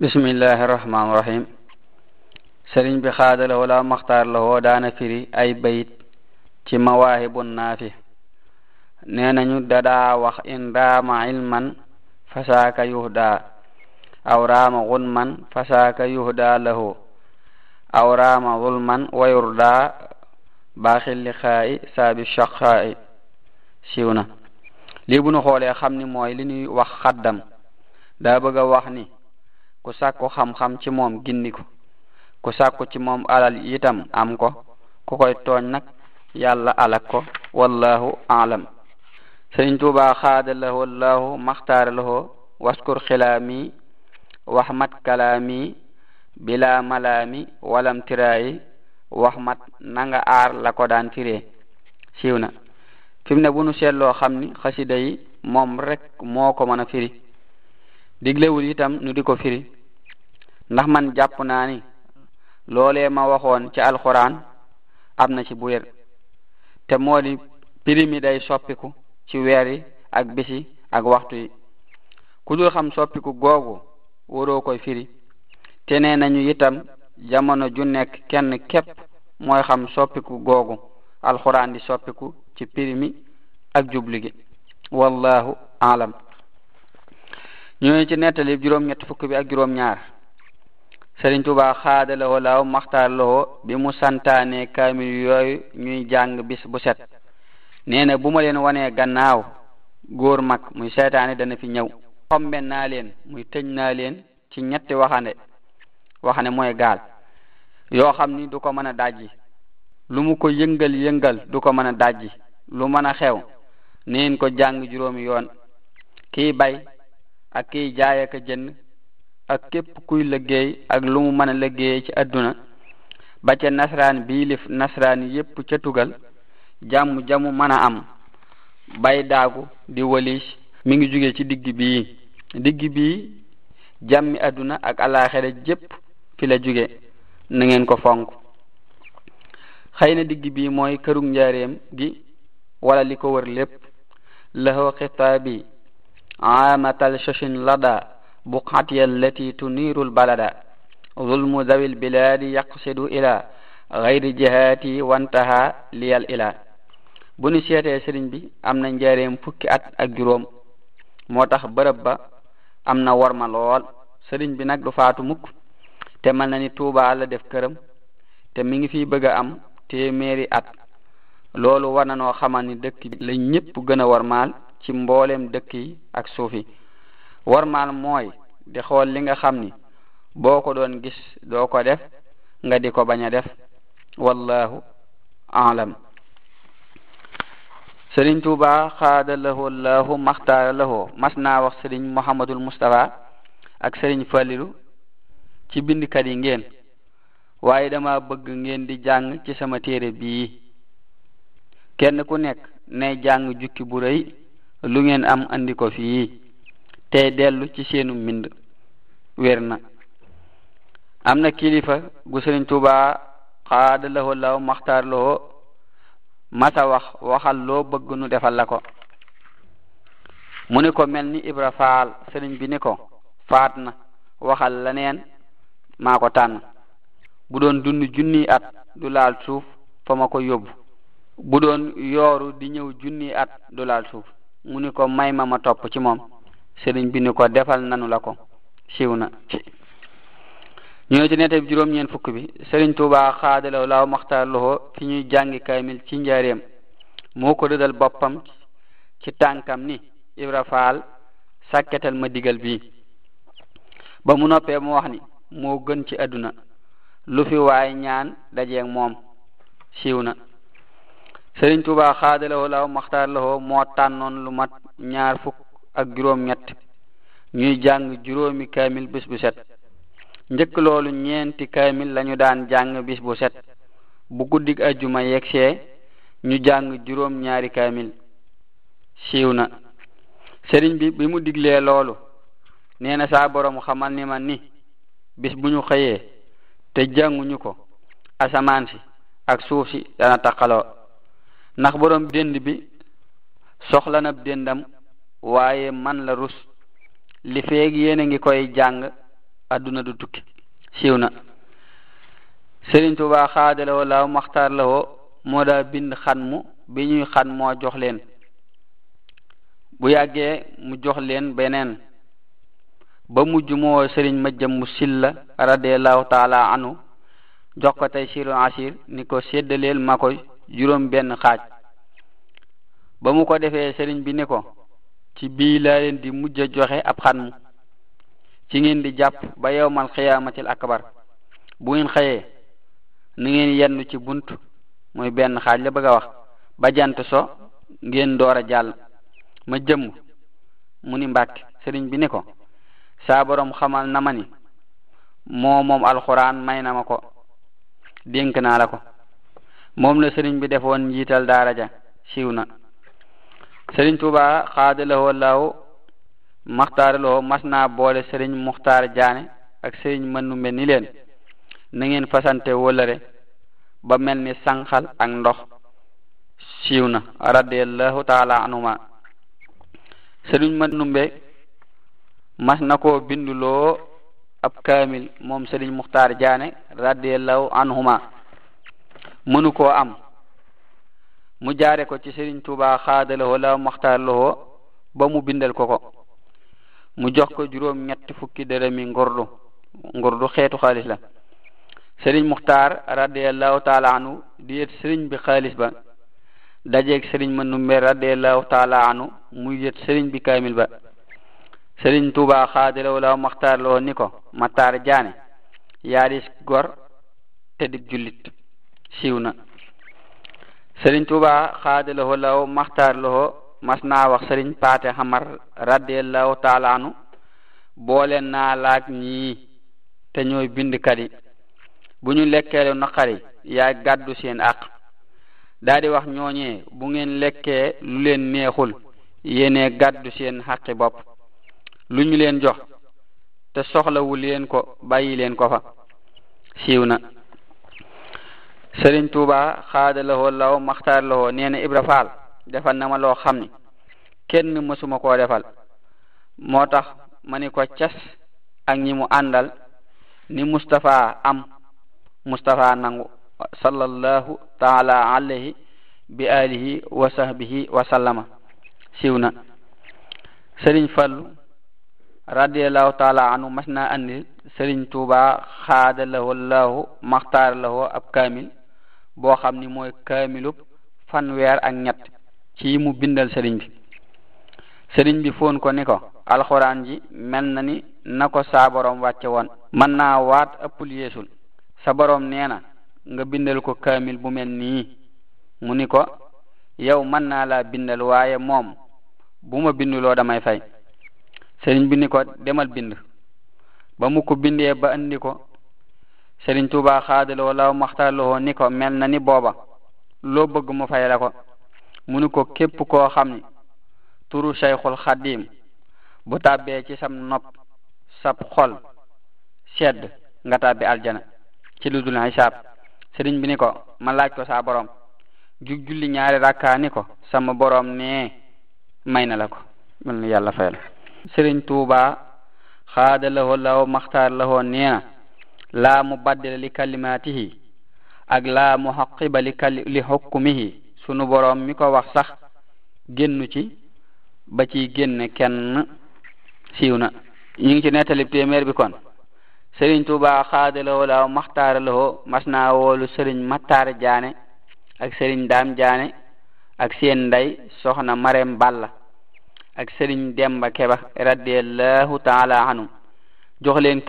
بسم الله الرحمن الرحيم سرين bi له لا مختار له دانا فيري أي بيت ci mawaahibun naafi nee nañu dadaa wax in raama ilman fasaaka yuhdaa aw raama gunman fasaaka yuhdaa lahu aw raama zulman wa yurdaa baaxil liqaa'i saabi shaqaa'i siiw na lii bu nu xoolee xam ni mooy li ñuy wax xaddam daa bëgg a wax ni ku sàkku xam-xam ci moom gindiku ku sàkku ci moom alal itam am ko ku koy tooñ nag yàlla alak ko wallahu alam sëriñ tuuba xaada lahu allahu waskur xilaami waxmat kalaami bila malaami walam waxmat nanga aar la ko daan tiree na mu ne bu nu seetloo xam ni xasida moom rek moo ko mën a firi diglewul itam nu di ko firi ndax man jàpp naa ni loolee ma waxoon ci alxuraan am na ci bu wér te moo di prix day soppiku ci weer yi ak bisi ak waxtu yi ku dul xam soppiku googu waroo koy firi te ne nañu itam jamono ju nekk kenn képp mooy xam soppiku googu alxuraan di soppiku ci prix ak jubli gi wallahu alam ñooñu ci nettali juróom-ñett fukk bi ak juróom-ñaar Sëriñ Tuubaa xaadalawoo laaw maxtaar lawoo bi mu santaane kaamil yooyu ñuy jàng bis bu set nee na bu ma leen wanee gannaaw góor mag muy seetaane dana fi ñëw xombe naa leen muy tëñ naa leen ci ñetti waxande waxande mooy gaal yoo xam ni du ko mën a dajji lu mu ko yëngal yëngal du ko mën a dajji lu mën a xew neen ko jàng juróomi yoon kiy bay ak ki jaay ak jënd ak képp kuy liggéey ak lu mu mën a liggéey ci àdduna ba ca nasraan bii lif nasraan yépp ca tugal jàmm jamu mën a am bay daagu di walis mi ngi jóge ci digg bii digg bii jàmmi àdduna ak alaxira jépp fi la jóge na ngeen ko fonk xëy na digg bii mooy kërug njaareem gi wala li ko wër lépp laxoo xitaabi amatal shoshin lada بقعتي التي تنير البلد ظلم ذوي البلاد يقصد إلى غير جهاتي وانتهى لي الإله bu ñu seetee sëriñ bi am na njaareem fukki at ak juróom moo tax bërëb ba am na worma lool sëriñ bi nag du faatu mukk te mel na ni def këram te mi ngi fiy bëgg a am téeméeri at loolu war na noo xamal ni dëkk bi la ñëpp gën a wormaal ci mbooleem dëkk yi ak suufi war warmaal mooy di xool li nga xam ni boo ko doon gis doo ko def nga di ko baña def wallahu alam sëriñ tuuba xaada lahoo laahu maxtaara lahoo mas naa wax sëriñ muhammadul mustafa ak sëriñ falilu ci bindkat yi ngeen waaye dama bëgg ngeen di jàng ci sama téere bii kenn ku nekk nay jàng jukki bu rëy lu ngeen am andi ko fii tey dellu ci seenu mbind wér na am na kilifa gu sëriñ Tuubaa xaada lahoo law maxtaar lahoo masa wax waxal loo bëgg nu defal la ko mu ni ko mel ni Ibra Faal sëriñ bi ni ko faat na waxal leneen maa ko tànn bu doon dund junni at du laal suuf fa ko yóbbu bu doon yooru di ñëw junni at du laal suuf mu ni ko may ma ma topp ci moom sëriñ bi ni ko defal nanu la ko siiw na ñu ne ci nette bi juróom ñeen fukk bi sëriñ Tuubaa xaadalaw laaw maxtaar loxo fi ñuy jàngi kaamil ci njarim moo ko rëdal boppam ci tànkam ni Ibra Faal sàkketal ma digal bi ba mu noppee mu wax ni moo gën ci àdduna lu fi waay ñaan dajeeg moom siiw na sëriñ Tuubaa xaadalaw laaw maxtaar loxo moo tànnoon lu mat ñaar fukk ak juróom-ñett ñuy jàng juróomi kaamil bis bu set njëkk loolu ñeenti kaamil lañu daan jàng bis bu set bu guddig ajjuma yegsee ñu jàng juróom ñaari kaamil siiw na sëriñ bi bi mu diglee loolu nee na saa borom xamal ni ma ni bis bu ñu xëyee te jànguñu ko asamaan si ak suuf si dana taqaloo ndax borom dénd bi soxla na déndam waaye man la rus li feeg yéen ngi koy jàng adduna du tukki siiw na Sëriñ Tuubaa xaadalawoo laaw maxtaar lawoo moo daa bind xan mu bi ñuy xan moo jox leen bu yàggee mu jox leen beneen ba mujj moo woo sëriñ ma jëm mu silla radiallahu taala anu jox ko tey siru asir ni ko séddaleel ma ko juróom benn xaaj ba mu ko defee sëriñ bi ni ko ci bii laa di mujj a joxe ab xanmu ci ngeen di jàpp ba yowmal xiyaamatil akbar bu ngeen xëyee ni ngeen yenn ci bunt muy benn xaaj la bëgg a wax ba jant so ngeen door a jàll ma jëmm mu ni mbàkke sëriñ bi ni ko saa borom xamal na ma ni moo moom alxuraan may na ma ko dénk naa la ko moom la sëriñ bi defoon njiital daara ja siiw na sëriñ Tuuba xaada lahoo laaw maxtaara lahoo mas naa boole sëriñ Muxtaar Jaane ak sëriñ Manumbe ni leen na ngeen fasante wólëre ba mel ni sànqal ak ndox siiw na radiallahu taala anhuma sëriñ Manumbe mas na koo binduloo ab kaamil moom sëriñ Muxtaar Jaane radiallahu anhuma mënu koo am mu jaare ko ci Serigne Touba xaadalawoo la maxtaarlawoo ba mu bindal ko ko mu jox ko juróom ñetti fukki dërëmi ngordu ngordu xeetu xaalis la Serigne Muxtaar radiallahu taala di yët Serigne bi xaalis ba dajeeg Serigne Manumbe radiallahu taala mu muy yët Serigne bi kaamil ba Serigne Touba xaadalawoo la maxtaarlawoo ni ko Matar Jaane yaaris gor te dib jullit siiw na sëriñ tuuba xaadalaho law maxtaar laho mas naa wax sëriñ paate xamar radiallahu taala anu boole naa laag ñii te ñooy bindkat yi bu ñu lekkeelu naqari yaa gàddu seen àq daa wax ñooñee bu ngeen lekkee lu leen meexul yéenee gàddu seen xaqi bopp lu ñu leen jox te soxlawu leen ko bàyyi leen ko fa siiw na Sëriñ Tuuba xaada lahoo law maxtaar lahoo nee na Ibra Faal defal na ma loo xam ni kenn mësuma koo defal moo tax ma ni ko cas ak ñi mu àndal ni Mustafa am Mustafa nangu sallallahu taala alayhi bi alihi wa sahbihi wa sallama siiw na Sëriñ Fallu radiallahu taala anhu mas naa andil Sëriñ Tuuba xaada lahoo laahu maxtaar lahoo ab kaamil boo xam ni mooy kaamilub fanweer ak ñett ci mu bindal sëriñ bi sëriñ bi foon ko ni ko alxuraan ji mel na ni na ko saa wàcce woon mën naa waat ëppul yeesul sa borom nee na nga bindal ko kaamil bu mel nii mu ni ko yow mën naa laa bindal waaye moom bu ma binduloo damay fay sëriñ bi ni ko demal bind ba mu ko bindee ba andi ko Sëriñ Tuuba xaadaloo law maxtaarloo ni ko mel na ni booba loo bëgg mu fay la ko mu ni ko képp koo xam ni turu Sayxul Xaddiim bu tàbbee ci sam nopp sab xol sedd nga tàbbi aljana ci lu dul hisaab sëriñ bi ni ko ma laaj ko saa borom jug julli ñaari rakkaa ni ko sama borom nee may na la ko mel na yàlla fayal sëriñ Tuuba xaadaloo law maxtaarloo nee na laa mubaddila li kalimatihi ak laa muhaqiba li kali li hukmihi sunu boroom mi ko wax sax génnu ci ba ci génn kenn siiw na ñu ngi ci nettali téeméer bi kon sëriñ Tuubaa xaadalawoo laaw maxtaaralawoo mas naa woolu sëriñ Mattaar Jaane ak sëriñ Daam Jaane ak seen ndey soxna Marem Balla ak sëriñ Demba Keba radiallahu taala anhu jox leen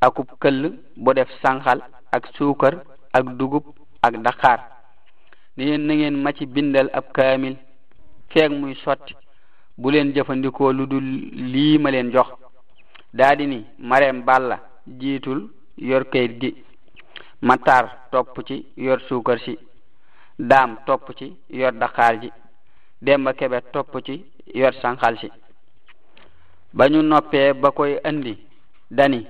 akub këll bu def sànqal ak suukar ak dugub ak daqaar ne leen na ngeen ma ci bindal ab kaamil feeg muy sotti bu leen jëfandikoo lu dul lii ma leen jox daa ni mareem balla jiitul yor kayit gi matar topp ci yor suukar si daam topp ci yor daqaar ji demba kebe topp ci yor sànqal si ba ñu noppee ba koy andi dani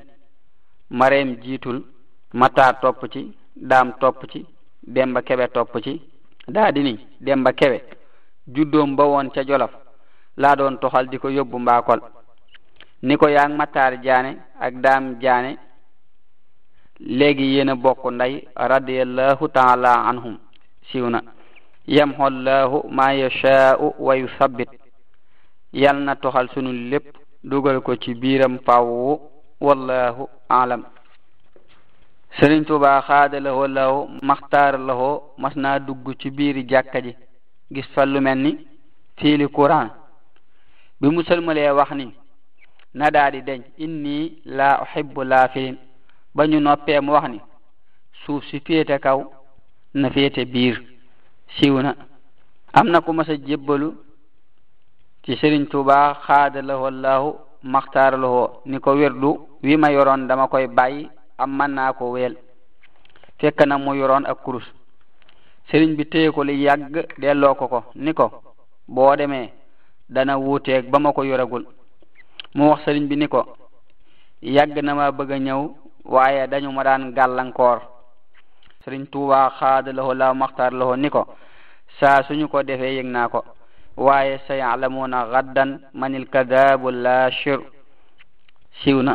mareem jiitul mataar topp ci daam topp ci demba kebe topp ci daadi ni demba kebe juddoom ba woon ca jolof laa doon toxal di ko yóbbu mbaakol ni ko yaa mataar jaane ak daam jaane léegi yéen a bokk nday radiallahu taala anhum siiw na yamxu llahu ma yachaau wa yusabit yal na toxal sunu lépp dugal ko ci biiram faww wallahu alam sëriñ Tuubaa xaada la law maxtaar la mas naa dugg ci biiri jàkka ji gis fa lu mel ni fiili Quraan bi mu sëlmalee wax ni na daa di deñ inni la uhibbu laafilin ba ñu noppee mu wax ni suuf si féete kaw na féete biir siiw am na ku mas a ci sëriñ Tuubaa xaada la laahu maxtaaraloo ni ko wirdu wi ma yoroon dama koy bàyyi am mën naa ko weel fekk na mu yoroon ak kurus sëriñ bi téye ko li yàgg delloo ko ko ni ko boo demee dana wuuteeg ba ma ko yoragul mu wax sëriñ bi ni ko yàgg na ma bëgg a ñëw waaye dañu ma daan gàllankoor sëriñ Tuubaa xaadaloo la maxtaaraloo ni ko saa suñu ko defee yëg naa ko waaye sa yaalamuuna gaddan manil kadaabu laashir siiw na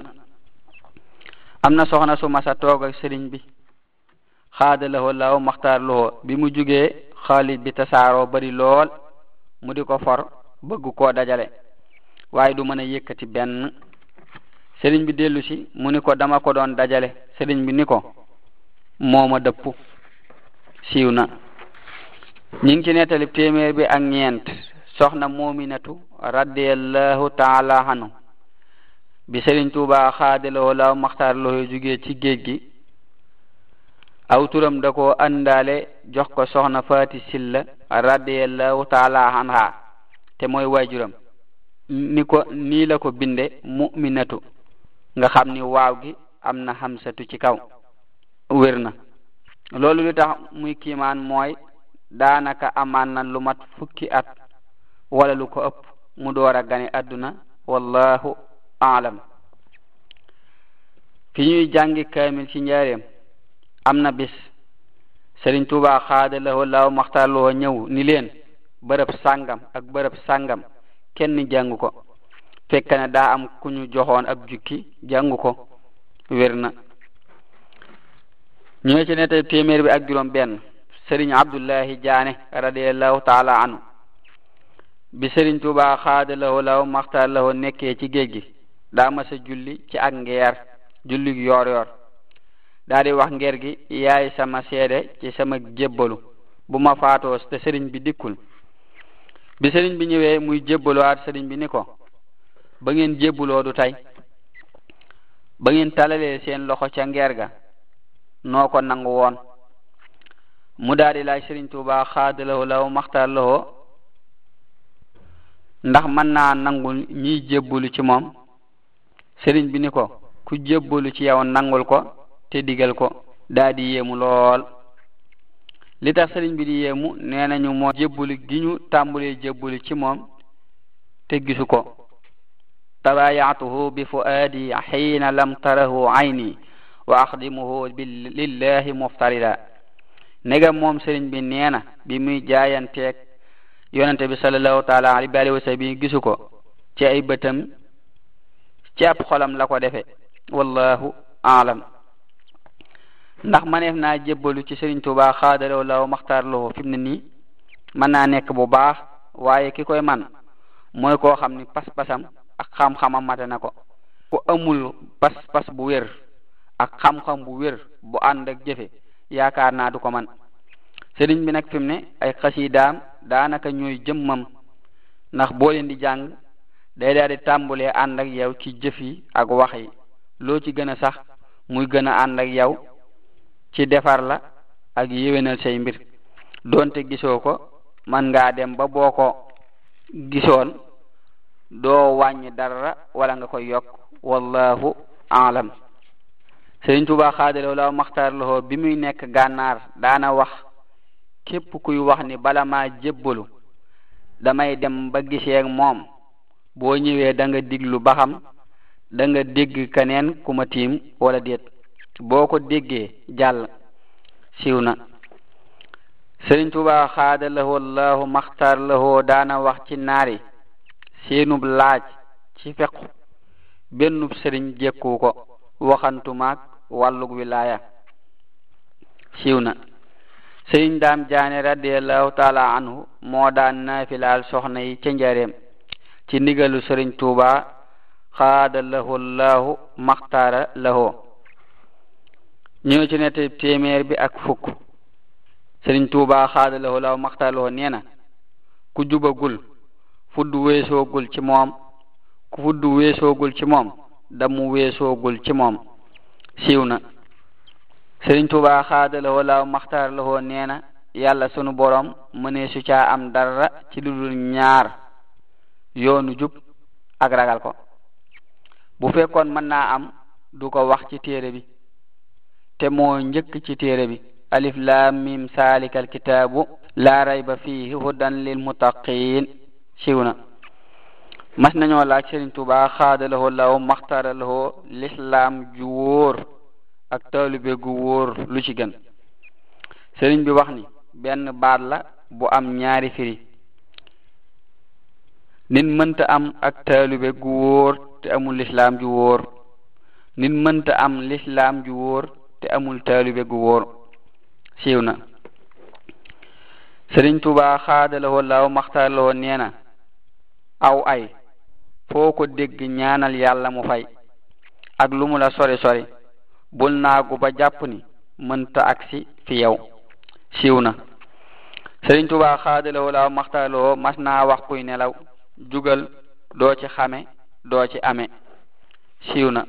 am na soxna su masa toog ak sëriñ bi xaada lahoo laaw maxtaar lahoo bi mu jugee xaalit bi tasaaroo bari lool mu di ko for bëgg koo dajale waaye du mën a yëkkati benn sëriñ bi dellusi mu ni ko dama ko doon dajale sëriñ bi ni ko mooma dëpp siiw na ñu ngi bi ak ñeent soxna muminatu radiallahu taala hanu bi Sëriñ Tuubaa xaadalawoo laaw maxtaar loxo jóge ci géej gi aw turam da ko àndaale jox ko soxna faati silla radiallahu taala anha te mooy waajuram ni ko nii la ko binde muminatu nga xam ni waaw gi am na xamsatu ci kaw wér na loolu muy kiimaan mooy daanaka amaan na lu fukki at wala lu ko ëpp mu door a gane adduna wallahu aalam fi ñuy jàngi kaamil ci njaareem am na bis Sëriñ Tuubaa xaadalawoo laaw maxtaarlowoo ñëw ni leen bërëb sàngam ak bërëb sàngam kenn jàngu ko fekk na daa am ku ñu joxoon ab jukki jàngu ko ñu ne ne tey téeméer bi ak juróom benn Sëriñ Abdullahi Jaane radiallahu taala anhu bi sëriñ Tuubaa xaada lawo law maxtaar lawo nekkee ci géej gi daa mas a julli ci ak ngeer julli yor-yor yoor daa di wax ngeer gi yaay sama sede ci sama jebbalu bu ma faatoo te sëriñ bi dikkul bi sëriñ bi ñëwee muy jebbalu jébbaluwaat sëriñ bi niko. ba ngeen jébbaloo du tey ba ngeen talale seen loxo ca ngeer ga noo ko nangu woon mu daa la laaj sëriñ Tuubaa xaada lawo law maxtaar lawo ndax mën naa nangul ñiy jébbalu ci moom sëriñ bi ni ko ku jébbalu ci yow nangul ko te digal ko daa di yéemu lool li tax sëriñ bi di yéemu nee nañu moo jébbalu gi ñu tàmbulee jébbalu ci moom te gisu ko tabaayatuhu bi fuaadi xiina lam tarahu ayni wa axdimuhu bi lillahi muftarida nega moom sëriñ bi nee bi muy jaayanteeg yonente bi sallallahu taala alayhi wa gisu ko ci ay bëtam ci ap xolam la ko defe wallahu aalam ndax maneef naa jébbalu ci Sëriñ Tuubaa xaadalaw law maxtaarloo fi mu ne nii mën naa nekk bu baax waaye ki koy man mooy koo xam ni pas-pasam ak xam-xamam mate na ko ku amul pas-pas bu wér ak xam-xam bu wér bu ànd ak jëfe yaakaar naa du ko man sëriñ bi nag fi ay xasiidaam daanaka ñooy jëmmam ndax boo leen di jàng day daal di tàmbulee ànd ak yow ci jëf yi ak wax yi loo ci gën a sax muy gën a ànd ak yow ci defar la ak yéwénal say mbir doonte gisoo ko man ngaa dem ba boo ko gisoon doo wàññi dara walla nga koy yokk wallahu alam Sëriñ Tuubaa xaadalaw law maxtaar loxoo bi muy nekk gànnaar daana wax képp kuy wax ni bala ma jébbalu damay dem ba gisee moom boo ñëwee danga nga diglu ba xam da nga dégg keneen ku ma tiim wala déet boo ko déggee jàll siiw na sëriñ Tuubaa xaada lahoo allahu daana wax ci naari seenub laaj ci fequ bennub sëriñ jekku ko waxantumaak wàllug wilaaya siiw na sëriñ daam jaane radiallahu taala anhu moo daan naafilaal soxna yi ca ci ndigalu sëriñ tuuba xaada lahu llahu maxtaara lahoo ñu ci nette téeméer bi ak fukk sëriñ tuuba xaada lahu llahu maxtaara lahoo nee na ku jubagul fudd weesoogul ci moom ku fudd weesoogul ci moom damu weesoogul ci moom siiw na sëriñ Tuubaa xaadala walaaw maxtaar la woo nee na yàlla sunu borom mënee su caa am dara ci lu dul ñaar yoonu jub ak ragal ko bu fekkoon mën naa am du ko wax ci téere bi te moo njëkk ci téere bi alif laam mim saalikal kitaabu laa rayba fiihi hudan lil muttaqiin siiw na mas nañoo laaj sëriñ Tuubaa xaadala walaaw maxtaar la woo lislaam ju wóor ak taalibe gu wóor lu ci gën sëriñ bi wax ni benn baat la bu am ñaari firi nit mënta am ak taalibe gu wóor te amul lislaam ju wóor nit mënta am lislaam ju wóor te amul taalibe gu wóor siiw na sëriñ Tuubaa xaadalawoo laaw maxtaarlawoo nee na aw ay foo ko dégg ñaanal yàlla mu fay ak lu mu la sori sori bul naagu ba jàpp ni mënta agsi fi yow siiw na sëriñ tubaa xaadalawoo laaw maxtaaloo mas naa wax kuy nelaw jógal doo ci xame doo ci ame siiw na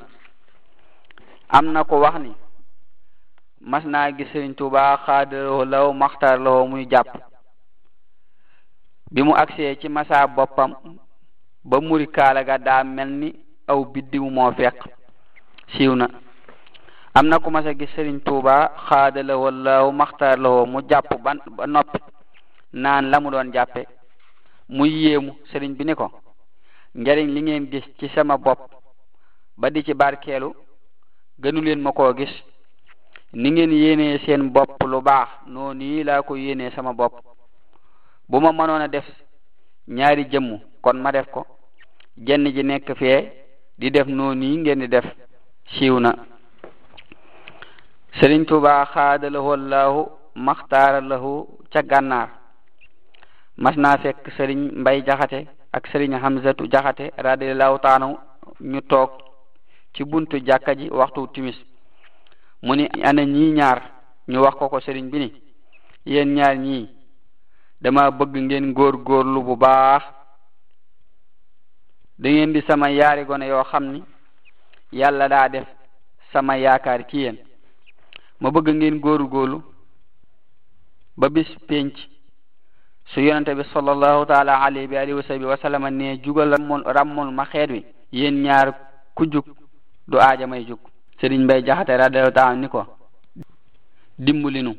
am na ko wax ni mas naa gis sëriñ tubaa xaadalawoo law maxtaaloo muy jàpp bi mu agsee ci masaa boppam ba muri kaala ga daa mel ni aw biddiw moo fekk siiw na Amna kou masa gis serin tou ba, khaade le ou la ou makhtar le ou, mou jap ou ban op, nan lam ou do an jap e, mou ye mou serin bine kon. Ngerin lin gen gis ki sema bop, badi che bar ke alou, gen ou len moko gis, nin gen yen semen bop pou lo ba, nou ni lakou yen sema bop. Bouman man wana def, nyari jem mou, kon ma def kon, jen ne jen ne ke fe, di def nou ni yen de def, si ou nan, Sëriñ Tuubaa xaada lahu allahu maxtaara lahu ca gànnaar mas naa fekk Sëriñ Mbay Jaxate ak Sëriñ Hamzatu Jaxate radiallahu taala ñu toog ci buntu jàkka ji waxtu timis mu ni ana ñii ñaar ñu wax ko ko sëriñ bi ni yéen ñaar ñii dama bëgg ngeen góor góorlu bu baax da ngeen di sama yaari gone yoo xam ni yàlla daa def sama yaakaar ci yéen ma bëgg ngeen góoru góorlu ba bis penc su yonente bi sallallahu taala alayhi bi alihi wa sahbi wa ne jugal ràmmul ràmmul ma xeet wi yéen ñaar ku jug du aaja may jug sëriñ mbay jaxate radiallahu taala ni ko dimbali nu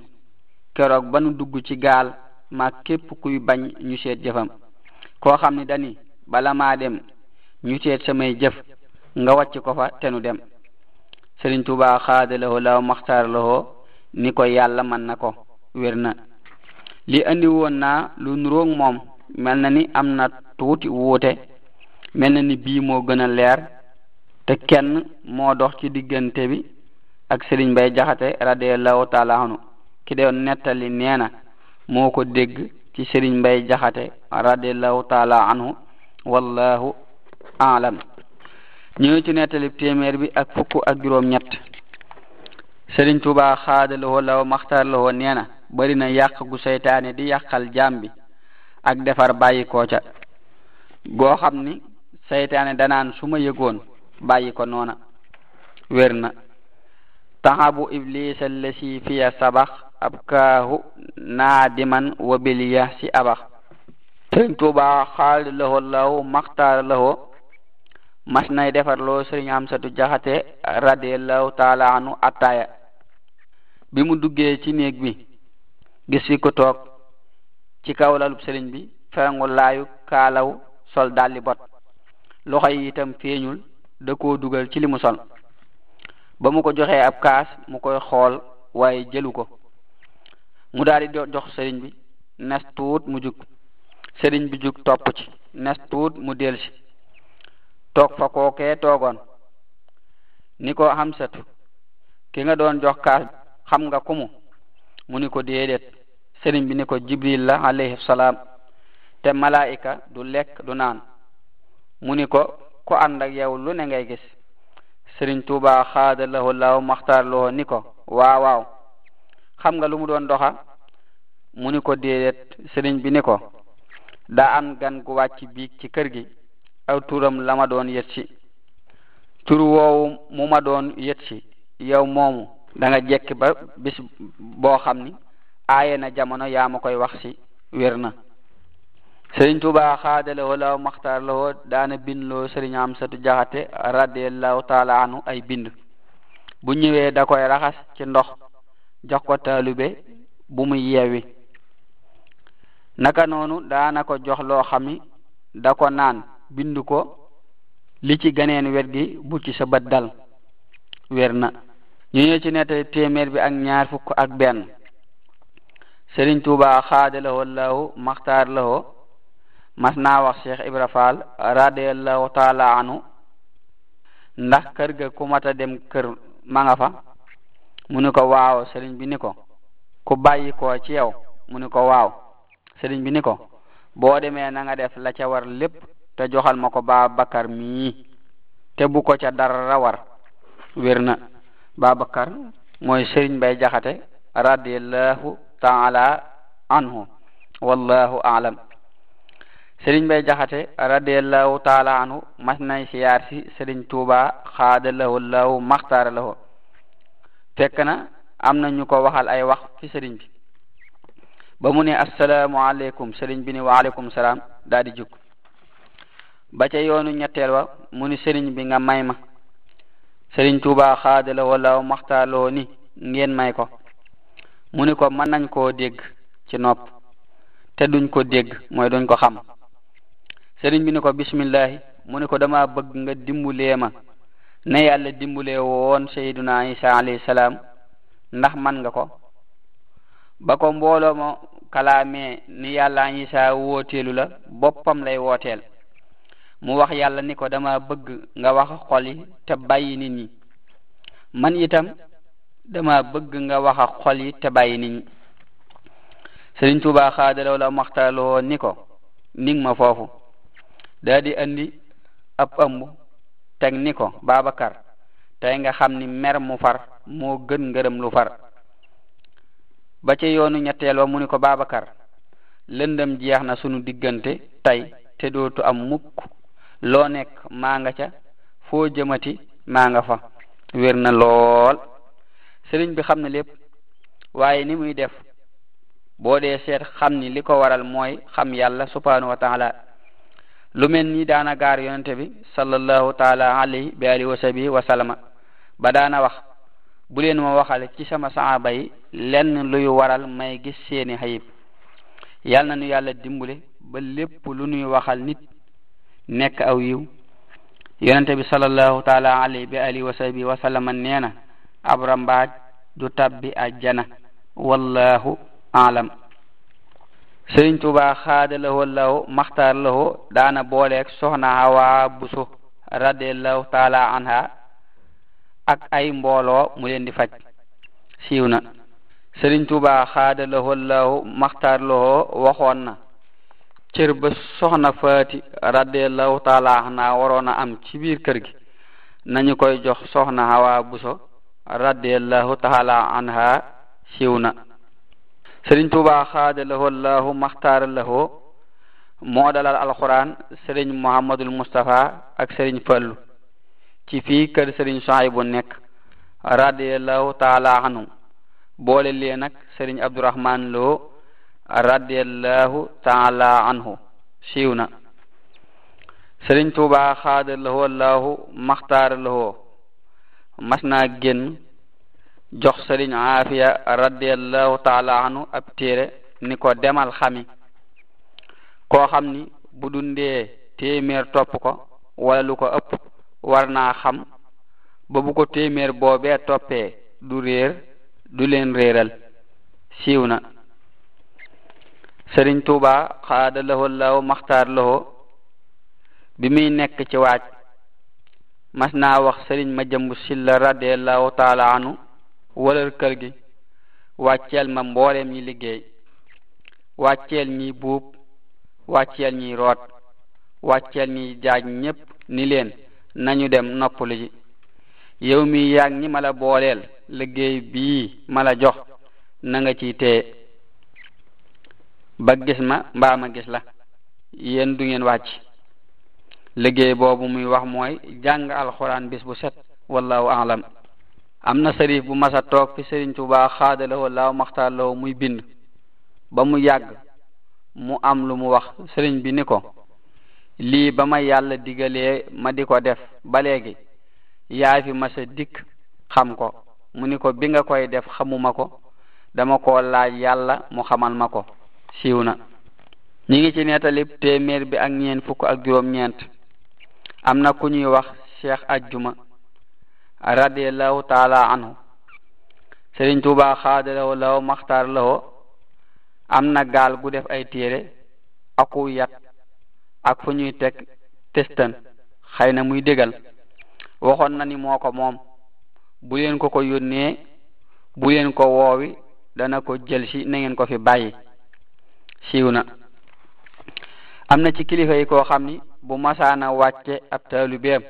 keroog ba nu dugg ci gaal ma képp kuy bañ ñu seet jëfam koo xam ni dani bala maa dem ñu seet samay jëf nga wacc ko fa te nu dem Sëriñ Tuubaa xaadalawoo law maxtaar ni ko yàlla man na ko wér na li andi woon naa lu nuroog moom mel na ni am na tuuti wuute mel na ni bii moo gën a leer te kenn moo dox ci diggante bi ak Sëriñ Mbay Jaxate radiallahu taala anu ki doon nettali nee moo ko dégg ci Sëriñ Mbay Jaxate radiallahu taala anhu wallahu aalam ñu ngi ci nettali téeméer bi ak fukk ak juróom-ñett Sëriñ Tuubaa xaadalawoo law maxtarlawoo nee na bari na yàq gu seytaane di yàqal jaam bi ak defar bàyyi koo ca goo xam ni seytaane danaan su ma yëgoon bàyyi noona wér na taxabu iblis allasi fiya sabax ab kaahu naadiman wa biliya si abax Sëriñ Tuubaa xaadalawoo law maxtarlawoo mas nay defarloo sëriñ Amsatu Jaxate radiallahu taala anu attaaya bi mu duggee ci néeg bi gis fi ko toog ci kaw lalub sëriñ bi ferangu laayu kaalaw sol dalli bot loxo yi itam feeñul da koo dugal ci li mu sol ba mu ko joxee ab kaas mu koy xool waaye jëlu ko mu daldi jox sëriñ bi nes tuut mu jug sëriñ bi jug topp ci nes tuut mu del si toog fa koo kee toogoon ni ko hamsatu ki nga doon jox ka xam nga kumu mu ni ko déedéet sëriñ bi ni ko jibril la alayhi salaam te malaika du lekk du naan mu ni ko ko ànd ak yow lu ne ngay gis sëriñ tuuba xaada lahu laaw maxtaar loo ni ko waaw xam nga lu mu doon doxa mu ni ko déedéet sëriñ bi ni ko daa am gan gu wàcc biig ci kër gi aw turam lama doon yet si tur woowu mu ma doon yet si moomu da jekki ba bis boo xam ni aaye na jamono yaa ma koy wax si wér na sëriñ Tuubaa xaadalawoo law maxtaar lawoo daana bindloo sëriñ Amsatu Jaxate radiallahu taala anhu ay bind bu ñëwee da koy raxas ci ndox jox ko taalube bu mu yeewi naka noonu daana ko jox loo xam ni da naan bind ko li ci ganeen wet gi bu ci sa bat dal weer ñu ñëw ci nettali téeméer bi ak ñaar fukk ak benn Sëriñ Tuuba xaada lahoo lahu maxtaar lahoo mas naa wax Cheikh Ibra Fall radiallahu taala anu ndax kër ga ku mata dem kër ma fa mu ni ko waaw sëriñ bi ni ko ku bàyyi ko ci yow mu ni ko waaw sëriñ bi ni ko boo demee na nga def la ca war lépp te joxal ma ko ba Babacar mii te bu ko ca dara war wér na Babacar mooy Sëriñ bay Jaxate radiallahu taala anhu wallahu alam Sëriñ Mbay Jaxate radiallahu taala anhu mas nay siyaar si Sëriñ Tuuba xaada lahu lahu maxtaara lahu fekk na am na ñu ko waxal ay wax ci sëriñ bi ba mu ne assalaamu aleykum sëriñ bi ni waaleykum salaam daa jukk ba ca yoonu ñetteel wa mu ni sëriñ bi nga may ma sëriñ Tuuba xaadala wala maxtaaloo ni ngeen may ko mu ni ko mën nañ koo dégg ci nopp te duñ ko dégg mooy duñ ko xam sëriñ bi ni ko bismillahi mu ni ko dama bëgg nga dimbulee ma ne yàlla dimbulee woon sayyiduna Isa alayhi salaam ndax man nga ko ba ko mbooloo ma kalaamee ni yàlla Isa wooteelu la boppam lay wooteel mu wax yàlla ni ko dama bëgg nga wax xol yi te bàyyi nit ñi man itam dama bëgg nga wax xol yi te bàyyi nit ñi Sëriñ Tuubaa xaadalaw la maxtaaloo ni ko ning ma foofu daa di andi ab ëmb teg ni ko Babacar tey nga xam ni mer mu far moo gën ngërëm lu far ba ca yoonu ñetteel wa mu ni ko Babacar lëndëm jeex na sunu diggante tey te dootu am mukk loo nekk maa nga ca foo jëmati maa fa wér na lool sëriñ bi xam na lépp waaye ni muy def boo dee seet xam ni li ko waral mooy xam yàlla subhanahu wa lu mel ni daana gaar yonente bi sallallahu taala alayhi bi alihi wa sahbihi ba daana wax bu leen ma waxal ci sama saaba yi lenn luy waral may gis seeni xayib yal nu yàlla dimbule ba lépp lu nuy waxal nit nekk aw yiw yonente bi sallallahu taala alayhi bi alihi wa sahbi wa sallama nee na abra mbaaj wallahu alam sëriñ tuba xaada lahoo law maxtaar lahoo daana booleeg soxna hawa buso radiallahu taala anha ak ay mbooloo mu leen di faj siiw na sëriñ tuba xaada lahoo law maxtaar waxoon na cër ba soxna faati radiallahu taala anha waroon am ci biir kër gi nañu koy jox soxna hawa buso radiallahu taala anha siiw na sëriñ tuuba xaada lahoo lahu maxtaara lahoo moo dalal sëriñ muhammadul mustafa ak sëriñ fallu ci fii kër sëriñ Suhaybu nekk radiallahu taala anhu boole lee nag sëriñ loo radiallahu taala anhu siiw na sëriñ tuubaa xaada lahoo allahu maxtaara naa génn jox sëriñ aafiya radiallahu taala anhu ab téere ni ko demal xami koo xam ni bu dundee ko wala lu ko ëpp war naa xam ba bu ko téeméer boobee toppee du réer du leen réeral siiw sëriñ tuuba xaada lahoo law maxtaar lahoo bi muy nekk ci waaj mas naa wax sëriñ ma jëmb silla radiallahu taala walal kër gi wàcceel ma mbooleem ñi liggéey wàcceel ñi buub wàcceel ñi root wàcceel ñi jaaj ñépp ni leen nañu dem noppalu ji yow mi yaag ñi ma la booleel liggéey bii ma la jox na ciy téye ba gis ma mbaa ma gis la yéen du ngeen wàcc liggéey boobu muy wax mooy jàng alxuraan bis bu set wallahu alam am na sëriif bu masa toog sëriñ Tuubaa xaadalawoo laaw muy bind ba mu yàgg mu am lu mu wax sëriñ bi ni ko lii ba ma yàlla digalee ma di ko def ba léegi yaa fi masa dikk xam ko mu ni ko bi nga koy def xamuma ko dama ko laaj yàlla mu xamal ma ko siiw na ñi ngi ci nettalib téeméer bi ak ñeent fukk ak juróom ñeent am na ku ñuy wax cheikh ajjuma radiallahu taala anhu Sëriñ Tuubaa xaadalawo lawo maxtaar lawo am na gaal gu def ay téere aku yat ak fu ñuy teg testan xëy na muy dégal waxoon na ni moo ko moom bu leen ko ko yónnee bu leen ko woowi dana ko jël si na ko fi bàyyi siiw na am na ci kilifa yi koo xam ni bu masaana wàcce ab taalubeem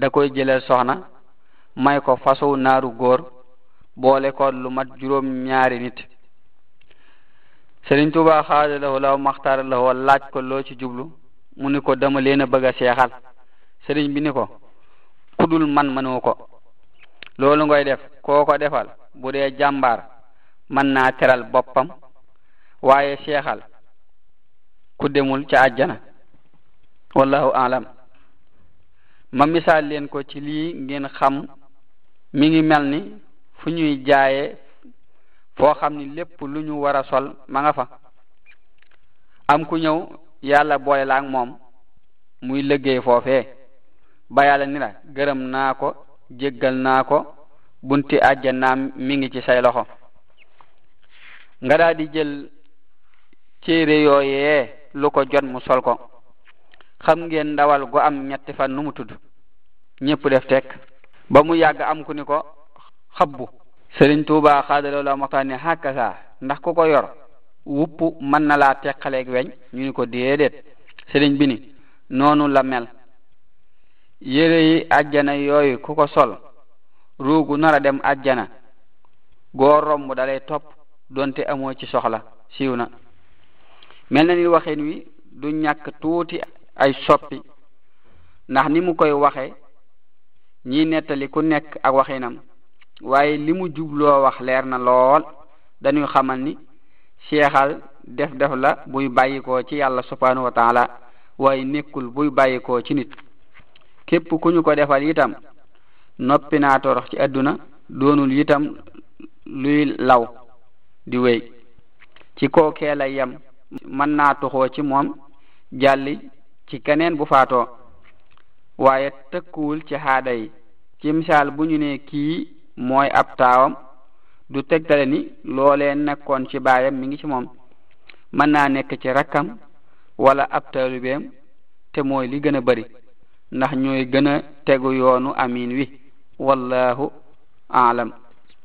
da koy jëlal soxna may ko fasow naaru góor boole ko lu mat juróom ñaari nit Sëriñ Tuubaa xaada lahu law maxtaara lahu laaj ko loo ci jublu mu ni ko dama leen a bëgg a seexal sëriñ bi ni ko kudul man mënu ko loolu ngoy def koo ko defal bu dee jàmbaar mën naa teral boppam waaye seexal ku demul ca àjjana wallahu alam ma misaal leen ko ci lii ngeen xam mi ngi mel ni fu ñuy jaaye foo xam ni lépp lu ñu war a sol ma nga fa am ku ñëw yàlla boole la moom muy liggéey foofe ba yàlla ni la gërëm naa ko jéggal naa ko bunti àjjanaam mi ngi ci say loxo nga daal jël téere yooyee lu ko jot mu sol ko xam ngee ndawal gu am ñetti fan nu mu tudd ñépp def teg ba mu yàgg am ku ni ko xabbu Sëriñ Tuubaa xaadaloo la moxtaan ne hàkkasa ndax ku ko yor wupp mën na laa teqaleeg weñ ñu ni ko déedéet sëriñ bi ni noonu la mel yére yi ajjana yooyu ku ko sol ruugu nar dem ajjana goo romb dalay topp donte amoo ci soxla siiw na mel na ni waxin wi du ñàkk tuuti ay soppi ndax ni mu koy waxe ñi nettali ku nekk ak waxinam waaye li mu jubloo wax leer na lool dañuy xamal ni seexal def def la buy bàyyikoo ci yàlla subhanahu wa taala waaye nekkul buy bàyyikoo ci nit képp ku ñu ko defal itam noppi naa torox ci àdduna doonul itam luy law di wéy ci kookee la yem mën naa toxoo ci moom jàlli ci keneen bu faatoo waaye tëkkuwul ci xaada yi ci misaal bu ñu ne kii mooy ab taawam du tegtale ni loole nekkoon ci baayam mi ngi ci moom mën naa nekk ci rakkam wala ab taalibeem te mooy li gën a bari ndax ñooy gën a tegu yoonu amin wi wallahu aalam